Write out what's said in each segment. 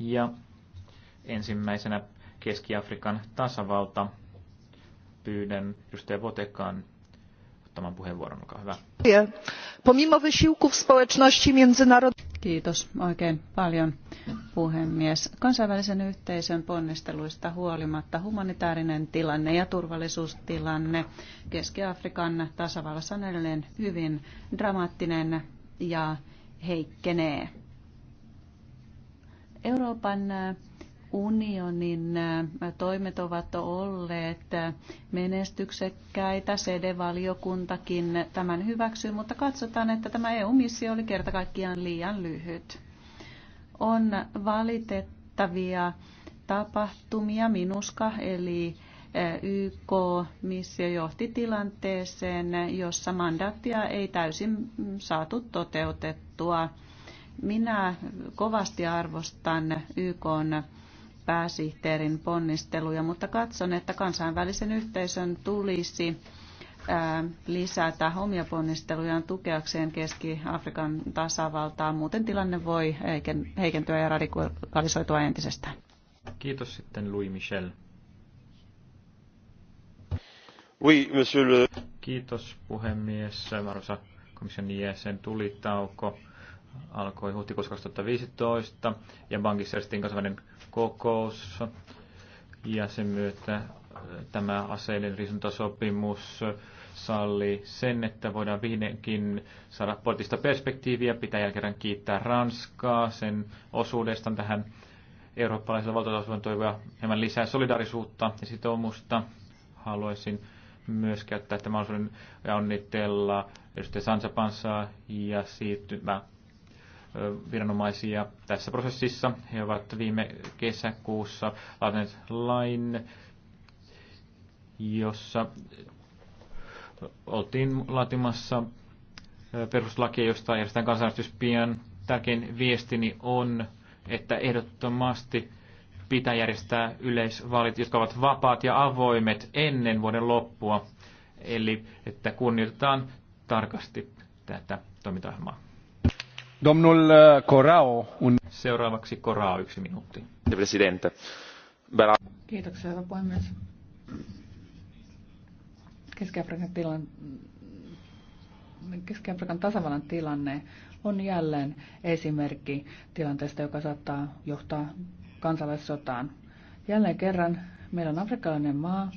Ja ensimmäisenä Keski-Afrikan tasavalta pyydän edustaja Votekan ottamaan puheenvuoron. Olkaa hyvä. Pomimo wysiłków społeczności międzynarodowej. Kiitos oikein paljon puhemies. Kansainvälisen yhteisön ponnisteluista huolimatta humanitaarinen tilanne ja turvallisuustilanne Keski-Afrikan tasavallassa on edelleen hyvin dramaattinen ja heikkenee. Euroopan äh, unionin äh, toimet ovat olleet äh, menestyksekkäitä. CD-valiokuntakin tämän hyväksyy, mutta katsotaan, että tämä EU-missio oli kerta kaikkiaan liian lyhyt. On valitettavia tapahtumia. Minuska eli YK-missio johti tilanteeseen, jossa mandaattia ei täysin saatu toteutettua minä kovasti arvostan YK pääsihteerin ponnisteluja, mutta katson, että kansainvälisen yhteisön tulisi lisätä omia ponnistelujaan tukeakseen Keski-Afrikan tasavaltaa. Muuten tilanne voi heikentyä ja radikalisoitua entisestään. Kiitos sitten Louis Michel. Oui, monsieur le... Kiitos puhemies, arvoisa komission jäsen. Tulitauko alkoi huhtikuussa 2015 ja pankissa järjestettiin kansainvälinen kokous ja sen myötä äh, tämä aseiden riisuntasopimus salli sen, että voidaan vihdenkin saada poliittista perspektiiviä. Pitää jälleen kerran kiittää Ranskaa sen osuudesta tähän eurooppalaisella valtiotasolla toivoa hieman lisää solidarisuutta ja sitoumusta. Haluaisin myös käyttää tämän osuuden ja onnitella edustaja Sansa Pansaa ja siirtymä viranomaisia tässä prosessissa. He ovat viime kesäkuussa laatineet lain, jossa oltiin laatimassa perustuslakia, josta järjestetään kansanäänestys pian. Tärkein viestini on, että ehdottomasti pitää järjestää yleisvaalit, jotka ovat vapaat ja avoimet ennen vuoden loppua. Eli että kunnioitetaan tarkasti tätä toimintaohjelmaa. Domnul eh, yksi minuutti. Kiitoksia, hyvä puhemies. Keski-Afrikan, Keski-Afrikan tasavallan tilanne on jälleen esimerkki tilanteesta, joka saattaa johtaa kansalaissotaan. Jälleen kerran meillä on afrikkalainen maa,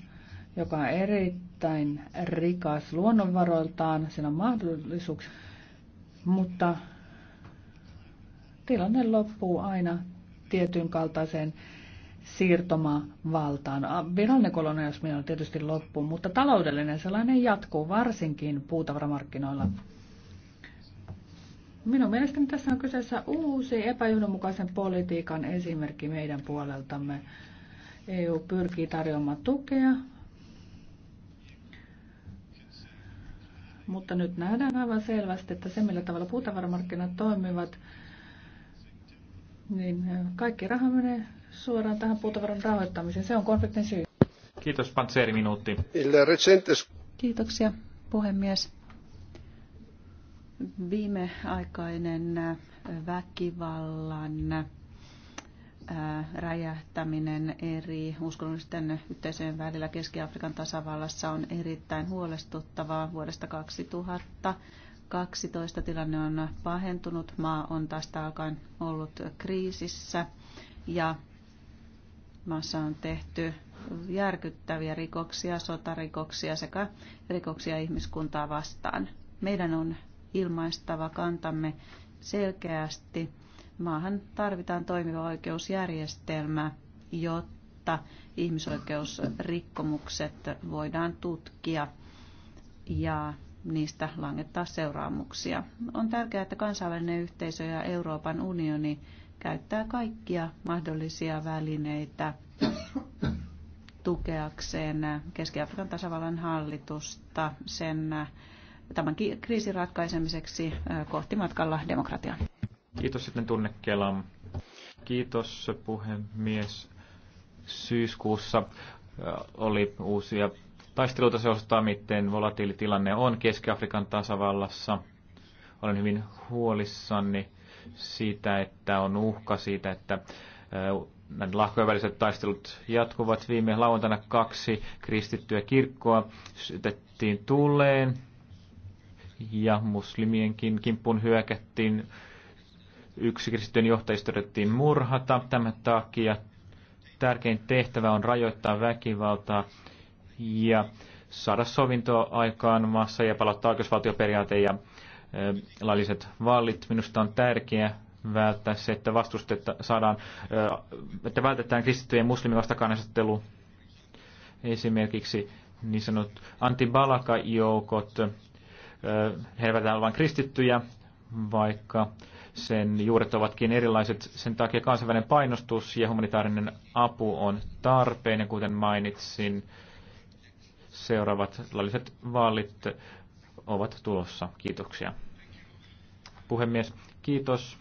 joka on erittäin rikas luonnonvaroiltaan, siinä on mahdollisuuksia, mutta tilanne loppuu aina tietyn kaltaiseen siirtomavaltaan. Virallinen kolonialismi on tietysti loppu, mutta taloudellinen sellainen jatkuu varsinkin puutavaramarkkinoilla. Minun mielestäni tässä on kyseessä uusi epäjohdonmukaisen politiikan esimerkki meidän puoleltamme. EU pyrkii tarjoamaan tukea, mutta nyt nähdään aivan selvästi, että se millä tavalla puutavaramarkkinat toimivat, niin äh, kaikki raha menee suoraan tähän puutavaran rahoittamiseen. Se on konfliktin syy. Kiitos, Pantseeri, minuutti. Kiitoksia, puhemies. Viimeaikainen äh, väkivallan äh, räjähtäminen eri uskonnollisten yhteisöjen välillä Keski-Afrikan tasavallassa on erittäin huolestuttavaa vuodesta 2000 2012 tilanne on pahentunut. Maa on tästä alkaen ollut kriisissä ja maassa on tehty järkyttäviä rikoksia, sotarikoksia sekä rikoksia ihmiskuntaa vastaan. Meidän on ilmaistava kantamme selkeästi. Maahan tarvitaan toimiva oikeusjärjestelmä, jotta ihmisoikeusrikkomukset voidaan tutkia ja niistä langettaa seuraamuksia. On tärkeää, että kansainvälinen yhteisö ja Euroopan unioni käyttää kaikkia mahdollisia välineitä tukeakseen Keski-Afrikan tasavallan hallitusta sen tämän kriisin ratkaisemiseksi kohti matkalla demokratiaa. Kiitos sitten Tunne Kelam. Kiitos puhemies. Syyskuussa oli uusia Taistelulta se osoittaa, miten volatiili tilanne on Keski-Afrikan tasavallassa. Olen hyvin huolissani siitä, että on uhka siitä, että näiden lahkojen väliset taistelut jatkuvat. Viime lauantaina kaksi kristittyä kirkkoa sytettiin tuleen ja muslimienkin kimppuun hyökättiin. Yksi kristittyjen johtajista todettiin murhata. Tämän takia tärkein tehtävä on rajoittaa väkivaltaa ja saada sovintoa aikaan maassa ja palauttaa oikeusvaltioperiaate ja lailliset vallit. Minusta on tärkeää välttää se, että vastustetta saadaan, että vältetään kristittyjen muslimin vastakkainasettelu esimerkiksi niin sanot antibalaka-joukot, hervätään vain kristittyjä, vaikka sen juuret ovatkin erilaiset. Sen takia kansainvälinen painostus ja humanitaarinen apu on tarpeen, ja kuten mainitsin, seuraavat lailliset vaalit ovat tulossa. Kiitoksia. Puhemies, kiitos.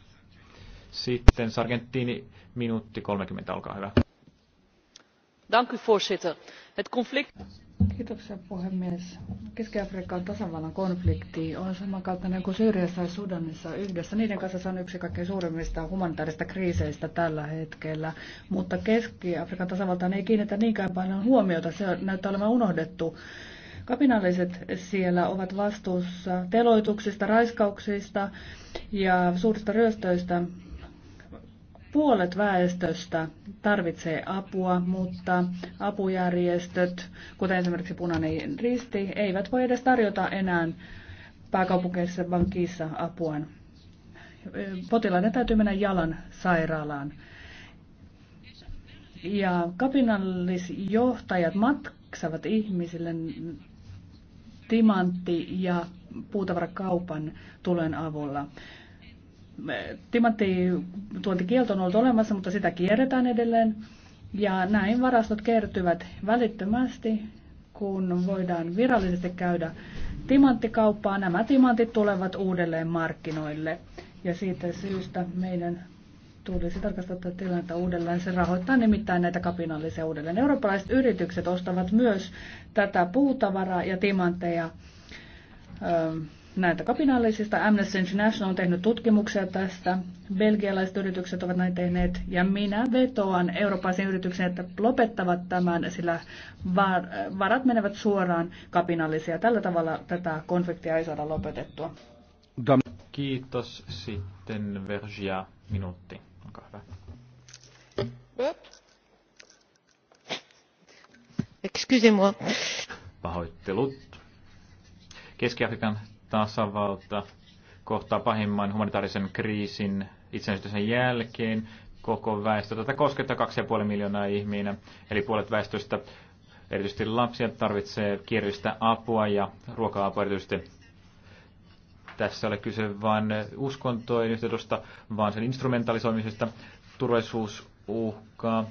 Sitten Sargentini, minuutti 30, olkaa hyvä. Dank u, voorzitter. Het conflict... Kiitoksia puhemies. Keski-Afrikan tasavallan konflikti on samankaltainen kuin Syyriassa ja Sudanissa yhdessä. Niiden kanssa se on yksi kaikkein suurimmista humanitaarista kriiseistä tällä hetkellä. Mutta Keski-Afrikan tasavaltaan ei kiinnitä niinkään paljon huomiota. Se näyttää olevan unohdettu. Kapinalliset siellä ovat vastuussa teloituksista, raiskauksista ja suurista ryöstöistä Puolet väestöstä tarvitsee apua, mutta apujärjestöt, kuten esimerkiksi Punainen Risti, eivät voi edes tarjota enää pääkaupunkeissa vankissa apua. Potilaiden täytyy mennä jalan sairaalaan. Ja kapinallisjohtajat maksavat ihmisille timantti- ja puutavarakaupan tulen avulla timanttituontikielto on ollut olemassa, mutta sitä kierretään edelleen. Ja näin varastot kertyvät välittömästi, kun voidaan virallisesti käydä timanttikauppaa. Nämä timantit tulevat uudelleen markkinoille. Ja siitä syystä meidän tulisi tarkastaa tätä tilannetta uudelleen. Se rahoittaa nimittäin näitä kapinallisia uudelleen. Eurooppalaiset yritykset ostavat myös tätä puutavaraa ja timantteja. Öö, näitä kapinallisista. Amnesty International on tehnyt tutkimuksia tästä. Belgialaiset yritykset ovat näin tehneet. Ja minä vetoan eurooppalaisiin yrityksiin, että lopettavat tämän, sillä varat menevät suoraan kapinallisia. Tällä tavalla tätä konfliktia ei saada lopetettua. Kiitos. Sitten Vergia minuutti. Onko hyvä. Excusez-moi. Pahoittelut. Keski-Afrikan tasavalta kohtaa pahimman humanitaarisen kriisin itsenäisyyden jälkeen koko väestö. Tätä koskettaa 2,5 miljoonaa ihmistä, eli puolet väestöstä, erityisesti lapsia, tarvitsee kierrystä apua ja ruoka-apua erityisesti. Tässä ei ole kyse vain uskontojen yhteydestä, vaan sen instrumentalisoimisesta. Turvallisuusuhkaa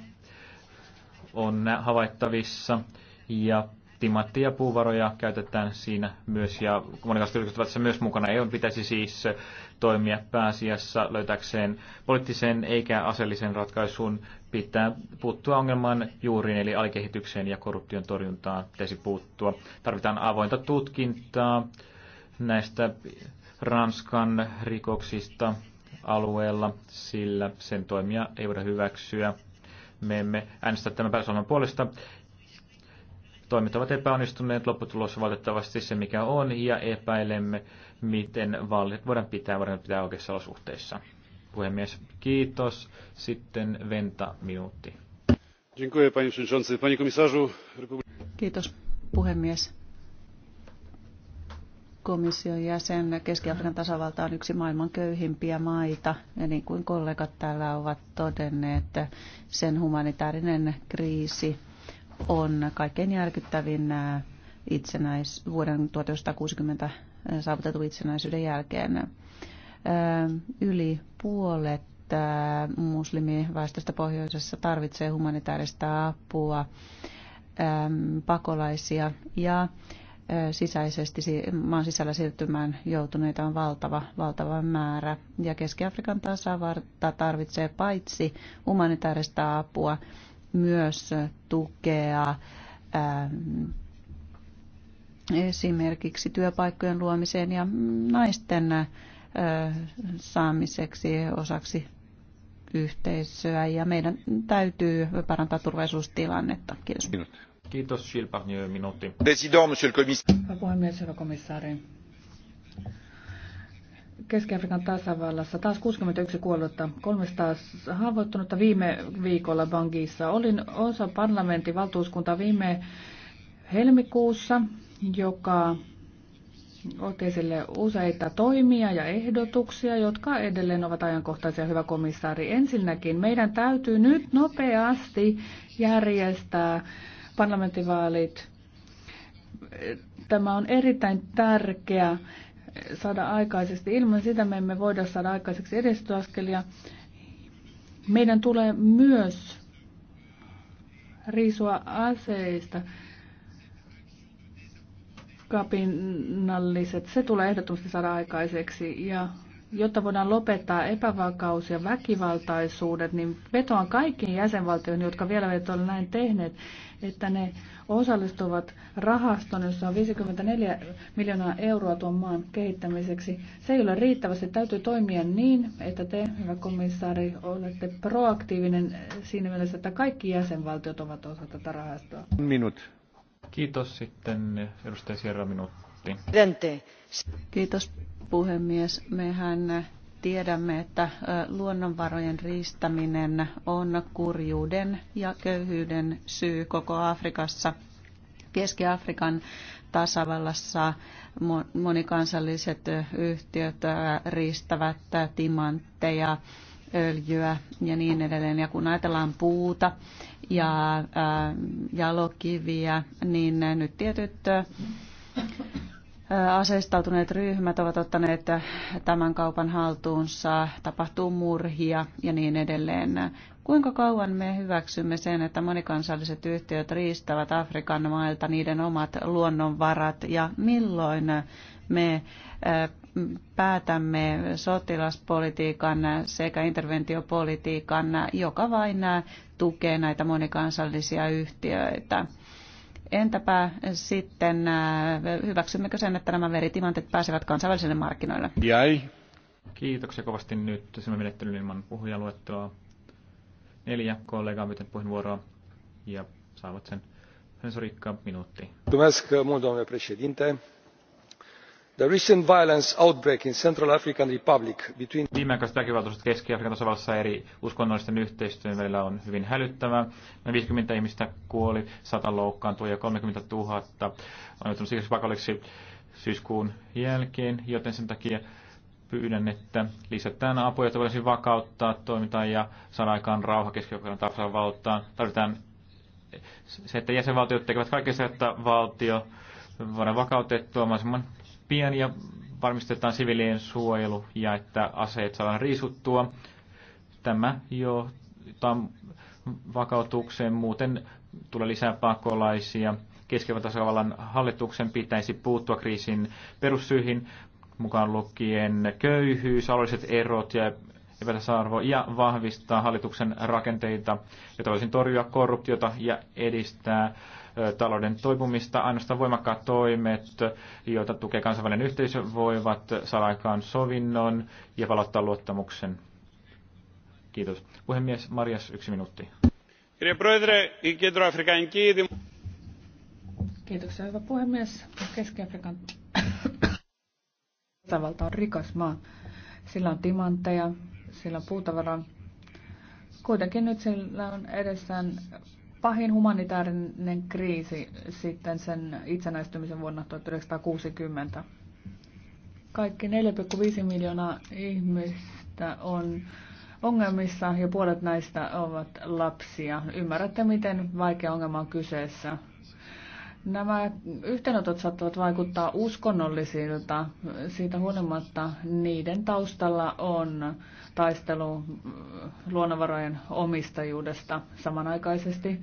on havaittavissa ja timantti- ja puuvaroja käytetään siinä myös, ja monikaiset yritykset ovat tässä myös mukana. EU pitäisi siis toimia pääasiassa löytäkseen poliittisen eikä aseellisen ratkaisun pitää puuttua ongelman juuriin, eli alikehitykseen ja korruption torjuntaan pitäisi puuttua. Tarvitaan avointa tutkintaa näistä Ranskan rikoksista alueella, sillä sen toimia ei voida hyväksyä. Me emme äänestä tämän päätösohjelman puolesta toimet ovat epäonnistuneet, lopputulos valitettavasti se mikä on, ja epäilemme, miten vaalit voidaan pitää, voidaan pitää oikeissa olosuhteissa. Puhemies, kiitos. Sitten Venta minuutti. Kiitos, puhemies. Komission jäsen Keski-Afrikan tasavalta on yksi maailman köyhimpiä maita, ja niin kuin kollegat täällä ovat todenneet, sen humanitaarinen kriisi – on kaikkein järkyttävin äh, itsenäis, vuoden 1960 äh, saavutettu itsenäisyyden jälkeen. Äh, yli puolet muslimiväestöstä pohjoisessa tarvitsee humanitaarista apua, ähm, pakolaisia ja sisäisesti maan sisällä siirtymään joutuneita on valtava, valtava määrä. Ja Keski-Afrikan tasavarta tarvitsee paitsi humanitaarista apua, myös tukea ähm, esimerkiksi työpaikkojen luomiseen ja naisten äh, saamiseksi osaksi yhteisöä ja meidän täytyy parantaa turvallisuustilannetta. Kiitos. Minuutti. Kiitos, Gilles Barnier, minuutti. President, monsieur le commissaire. Puhemies, herra komissaari. Keski-Afrikan tasavallassa taas 61 kuollutta, 300 haavoittunutta viime viikolla Bangiissa. Olin osa parlamentin valtuuskuntaa viime helmikuussa, joka otti esille useita toimia ja ehdotuksia, jotka edelleen ovat ajankohtaisia, hyvä komissaari. Ensinnäkin meidän täytyy nyt nopeasti järjestää parlamenttivaalit. Tämä on erittäin tärkeä saada aikaisesti. Ilman sitä me emme voida saada aikaiseksi edistysaskelia. Meidän tulee myös riisua aseista kapinalliset. Se tulee ehdottomasti saada aikaiseksi ja jotta voidaan lopettaa epävakaus ja väkivaltaisuudet, niin vetoan kaikkiin jäsenvaltioihin, jotka vielä eivät ole näin tehneet, että ne osallistuvat rahastoon, jossa on 54 miljoonaa euroa tuon maan kehittämiseksi. Se ei ole riittävästi. Täytyy toimia niin, että te, hyvä komissaari, olette proaktiivinen siinä mielessä, että kaikki jäsenvaltiot ovat osa tätä rahastoa. Minut. Kiitos sitten edustaja Sierra Minuutti arvoisa Kiitos puhemies. Mehän tiedämme, että luonnonvarojen riistäminen on kurjuuden ja köyhyyden syy koko Afrikassa. Keski-Afrikan tasavallassa monikansalliset yhtiöt riistävät timantteja, öljyä ja niin edelleen. Ja kun ajatellaan puuta ja jalokiviä, niin nyt tietyt aseistautuneet ryhmät ovat ottaneet tämän kaupan haltuunsa, tapahtuu murhia ja niin edelleen. Kuinka kauan me hyväksymme sen, että monikansalliset yhtiöt riistävät Afrikan mailta niiden omat luonnonvarat ja milloin me päätämme sotilaspolitiikan sekä interventiopolitiikan, joka vain tukee näitä monikansallisia yhtiöitä? Entäpä sitten äh, hyväksymmekö sen, että nämä veritimantit pääsevät kansainvälisille markkinoille? Jäi. Kiitoksia kovasti nyt. Se mä menettelyn ilman puhujaluetteloa. Neljä kollegaa miten puheenvuoroa ja saavat sen. Sensoriikka minuutti. Mulțumesc mult, domnule președinte. The recent violence outbreak in Central African Republic between... Viimeaikaiset väkivaltaiset Keski-Afrikan tasavallassa eri uskonnollisten yhteistyön välillä on hyvin hälyttävää. Noin 50 ihmistä kuoli, 100 loukkaantui ja 30 000 on joutunut siksi pakolliseksi syyskuun jälkeen, joten sen takia pyydän, että lisätään apua, jotta voitaisiin vakauttaa toimintaa ja saada aikaan rauha keski tasavaltaan. Tarvitaan se, että jäsenvaltiot tekevät kaikkea että valtio voidaan vakautettua mahdollisimman pian ja varmistetaan sivilien suojelu ja että aseet saadaan riisuttua. Tämä johtaa vakautukseen, muuten tulee lisää pakolaisia. Keskevän tasavallan hallituksen pitäisi puuttua kriisin perussyihin, mukaan lukien köyhyys, alueelliset erot ja epätasa-arvo ja vahvistaa hallituksen rakenteita, jotta voisin torjua korruptiota ja edistää talouden toipumista. Ainoastaan voimakkaat toimet, joita tukee kansainvälinen yhteisö, voivat saada aikaan sovinnon ja palauttaa luottamuksen. Kiitos. Puhemies Marias, yksi minuutti. Kiitoksia, hyvä puhemies. Keski-Afrikan tavalta on rikas maa. Sillä on timantteja, sillä puutavaraa. Kuitenkin nyt sillä on edessään pahin humanitaarinen kriisi sitten sen itsenäistymisen vuonna 1960. Kaikki 4,5 miljoonaa ihmistä on ongelmissa ja puolet näistä ovat lapsia. Ymmärrätte, miten vaikea ongelma on kyseessä. Nämä yhteenotot saattavat vaikuttaa uskonnollisilta. Siitä huolimatta niiden taustalla on taistelu mm, luonnonvarojen omistajuudesta. Samanaikaisesti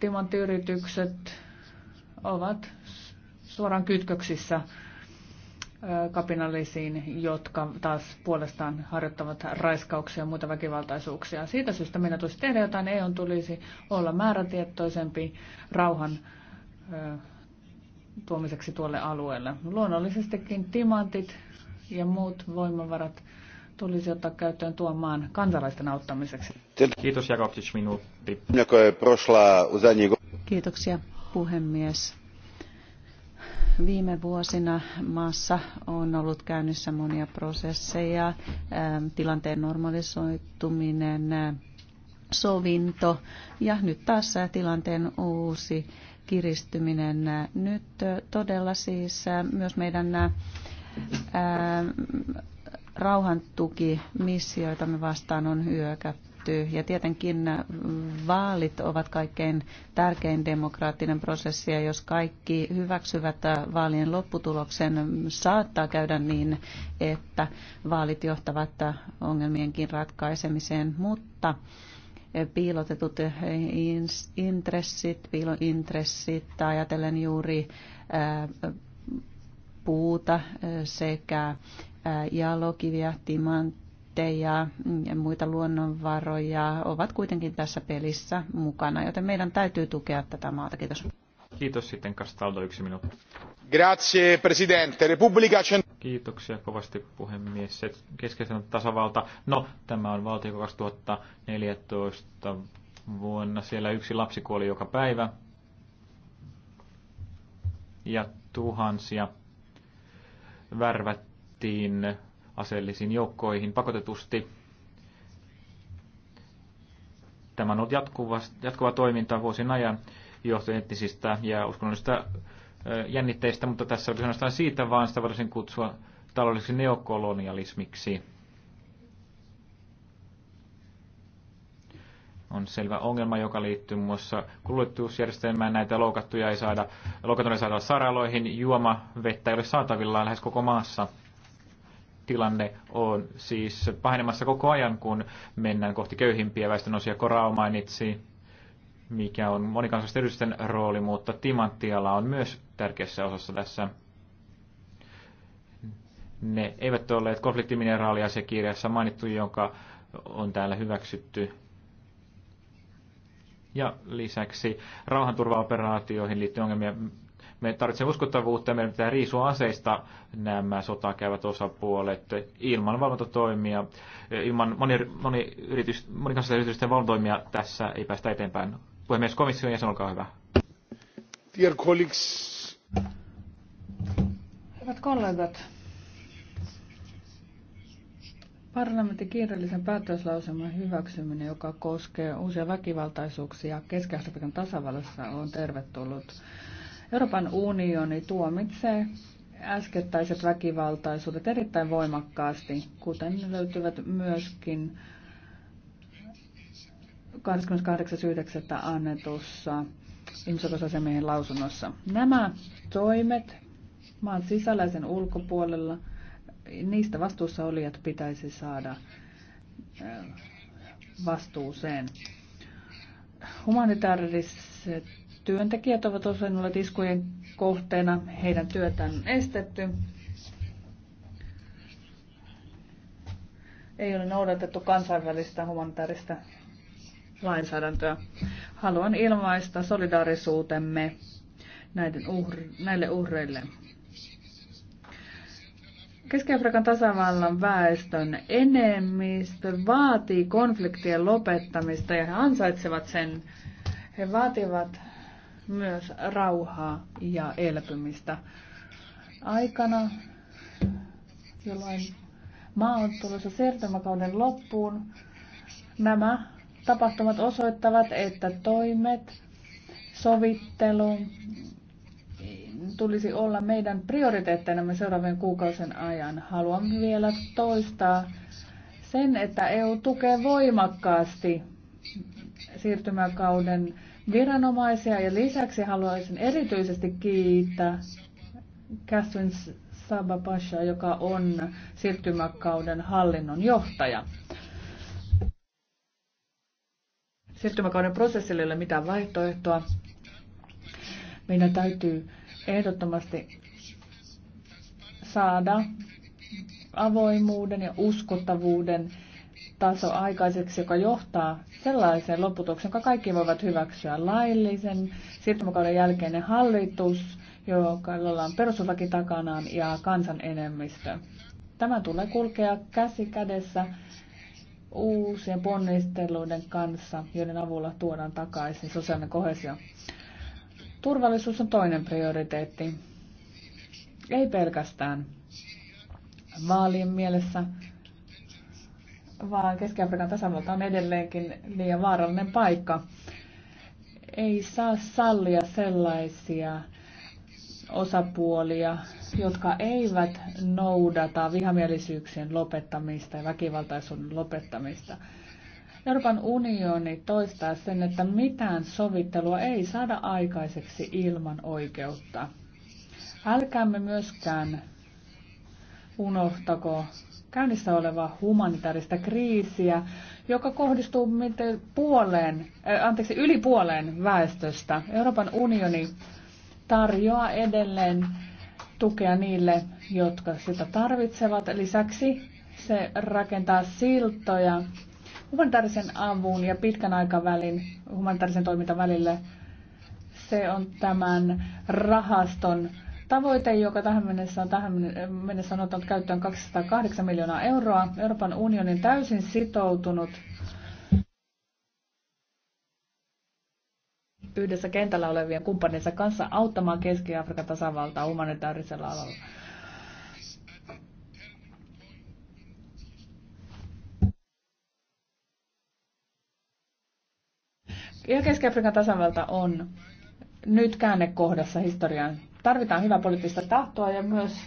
timanttiyritykset ovat suoraan kytköksissä kapinallisiin, jotka taas puolestaan harjoittavat raiskauksia ja muita väkivaltaisuuksia. Siitä syystä meidän tulisi tehdä jotain, EU tulisi olla määrätietoisempi rauhan tuomiseksi tuolle alueelle. Luonnollisestikin timantit ja muut voimavarat tulisi ottaa käyttöön tuon maan kansalaisten auttamiseksi. Kiitos Jakobsic minuutti. Kiitoksia puhemies. Viime vuosina maassa on ollut käynnissä monia prosesseja, tilanteen normalisoituminen, sovinto ja nyt taas tilanteen uusi kiristyminen. Nyt todella siis myös meidän me vastaan on hyökätty. Ja tietenkin vaalit ovat kaikkein tärkein demokraattinen prosessi, ja jos kaikki hyväksyvät vaalien lopputuloksen, saattaa käydä niin, että vaalit johtavat ongelmienkin ratkaisemiseen, mutta piilotetut intressit, piilointressit, ajatellen juuri puuta sekä jalokiviä, timantteja ja muita luonnonvaroja ovat kuitenkin tässä pelissä mukana, joten meidän täytyy tukea tätä maata. Kiitos. Kiitos sitten Castaldo, yksi minuutti. Grazie, presidente. Repubblica Cent- Kiitoksia kovasti puhemies. Keskeisen tasavalta. No, tämä on valtio 2014 vuonna. Siellä yksi lapsi kuoli joka päivä. Ja tuhansia värvättiin aseellisiin joukkoihin pakotetusti. Tämä on ollut jatkuva, jatkuva toiminta vuosien ajan johtuen etnisistä ja uskonnollisista jännitteistä, mutta tässä oli sanotaan siitä, vaan sitä voisin kutsua taloudelliseksi neokolonialismiksi. on selvä ongelma, joka liittyy muun muassa kuljetusjärjestelmään. Näitä loukattuja ei saada, loukattuja ei saada sairaaloihin, juomavettä ei ole saatavilla lähes koko maassa. Tilanne on siis pahenemassa koko ajan, kun mennään kohti köyhimpiä väestönosia. Korao mainitsi mikä on monikansallisten yritysten rooli, mutta timanttiala on myös tärkeässä osassa tässä. Ne eivät olleet konfliktimineraaliasiakirjassa mainittu, jonka on täällä hyväksytty. Ja lisäksi rauhanturvaoperaatioihin liittyy ongelmia. Me tarvitsemme uskottavuutta ja meidän pitää riisua aseista nämä sotaa käyvät osapuolet ilman valvontatoimia. Ilman moni, moni yritys, monikansallisten yritysten valvontoimia tässä ei päästä eteenpäin. Puhemies, komission jäsen, olkaa hyvä. Dear colleagues. Hyvät kollegat, Parlamentin kiireellisen päätöslauselman hyväksyminen, joka koskee uusia väkivaltaisuuksia keski tasavallassa, on tervetullut. Euroopan unioni tuomitsee äskettäiset väkivaltaisuudet erittäin voimakkaasti, kuten ne löytyvät myöskin 28.9. annetussa ihmisoikeusasiamiehen lausunnossa. Nämä toimet maan sisäläisen ulkopuolella, niistä vastuussa olijat pitäisi saada äh, vastuuseen. Humanitaariset työntekijät ovat usein olleet iskujen kohteena, heidän työtään on estetty. Ei ole noudatettu kansainvälistä humanitaarista lainsäädäntöä. Haluan ilmaista solidaarisuutemme näiden uhri, näille uhreille. Keski-Afrikan tasavallan väestön enemmistö vaatii konfliktien lopettamista ja he ansaitsevat sen. He vaativat myös rauhaa ja elpymistä. Aikana, jolloin maa on tulossa siirtymäkauden loppuun, nämä tapahtumat osoittavat, että toimet, sovittelu tulisi olla meidän prioriteetteinamme seuraavien kuukausien ajan. Haluan vielä toistaa sen, että EU tukee voimakkaasti siirtymäkauden viranomaisia ja lisäksi haluaisin erityisesti kiittää Catherine Sabapasha, joka on siirtymäkauden hallinnon johtaja. siirtymäkauden prosessille ei ole mitään vaihtoehtoa. Meidän täytyy ehdottomasti saada avoimuuden ja uskottavuuden taso aikaiseksi, joka johtaa sellaiseen lopputulokseen, joka kaikki voivat hyväksyä laillisen siirtymäkauden jälkeinen hallitus, joka ollaan perustuslaki takanaan ja kansan enemmistö. Tämä tulee kulkea käsi kädessä uusien ponnisteluiden kanssa, joiden avulla tuodaan takaisin sosiaalinen kohesio. Turvallisuus on toinen prioriteetti. Ei pelkästään vaalien mielessä, vaan Keski-Afrikan tasavalta on edelleenkin liian vaarallinen paikka. Ei saa sallia sellaisia osapuolia, jotka eivät noudata vihamielisyyksien lopettamista ja väkivaltaisuuden lopettamista. Euroopan unioni toistaa sen, että mitään sovittelua ei saada aikaiseksi ilman oikeutta. Älkäämme myöskään unohtako käynnissä olevaa humanitaarista kriisiä, joka kohdistuu miten puoleen, äh, anteeksi, yli puoleen väestöstä. Euroopan unioni tarjoaa edelleen tukea niille, jotka sitä tarvitsevat. Lisäksi se rakentaa siltoja humanitaarisen avun ja pitkän aikavälin humanitaarisen toimintavälille välille. Se on tämän rahaston tavoite, joka tähän mennessä on, tähän mennessä on ottanut käyttöön 208 miljoonaa euroa. Euroopan unionin täysin sitoutunut yhdessä kentällä olevien kumppaninsa kanssa auttamaan Keski-Afrikan tasavaltaa humanitaarisella alalla. Ja Keski-Afrikan tasavalta on nyt käännekohdassa historiaan. Tarvitaan hyvää poliittista tahtoa ja myös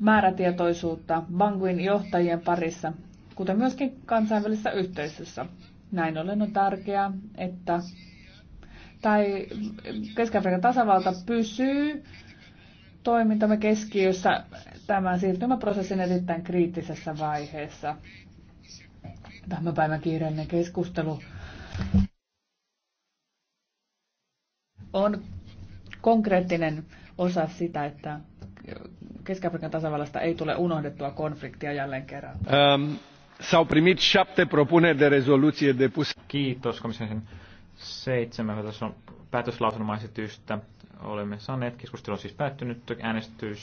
määrätietoisuutta Banguin johtajien parissa, kuten myöskin kansainvälisessä yhteisössä. Näin ollen on tärkeää, että tai Keski-Afrikan tasavalta pysyy toimintamme keskiössä tämän siirtymäprosessin erittäin kriittisessä vaiheessa. Tämän päivän kiireinen keskustelu on konkreettinen osa sitä, että Keski-Afrikan tasavallasta ei tule unohdettua konfliktia jälleen kerran. Um, s-au primit șapte propuneri de rezoluție depuse. Kiitos komission 7. tässä on päätöslauselmaesitystä. Olemme saaneet keskustelun siis päättynyt äänestys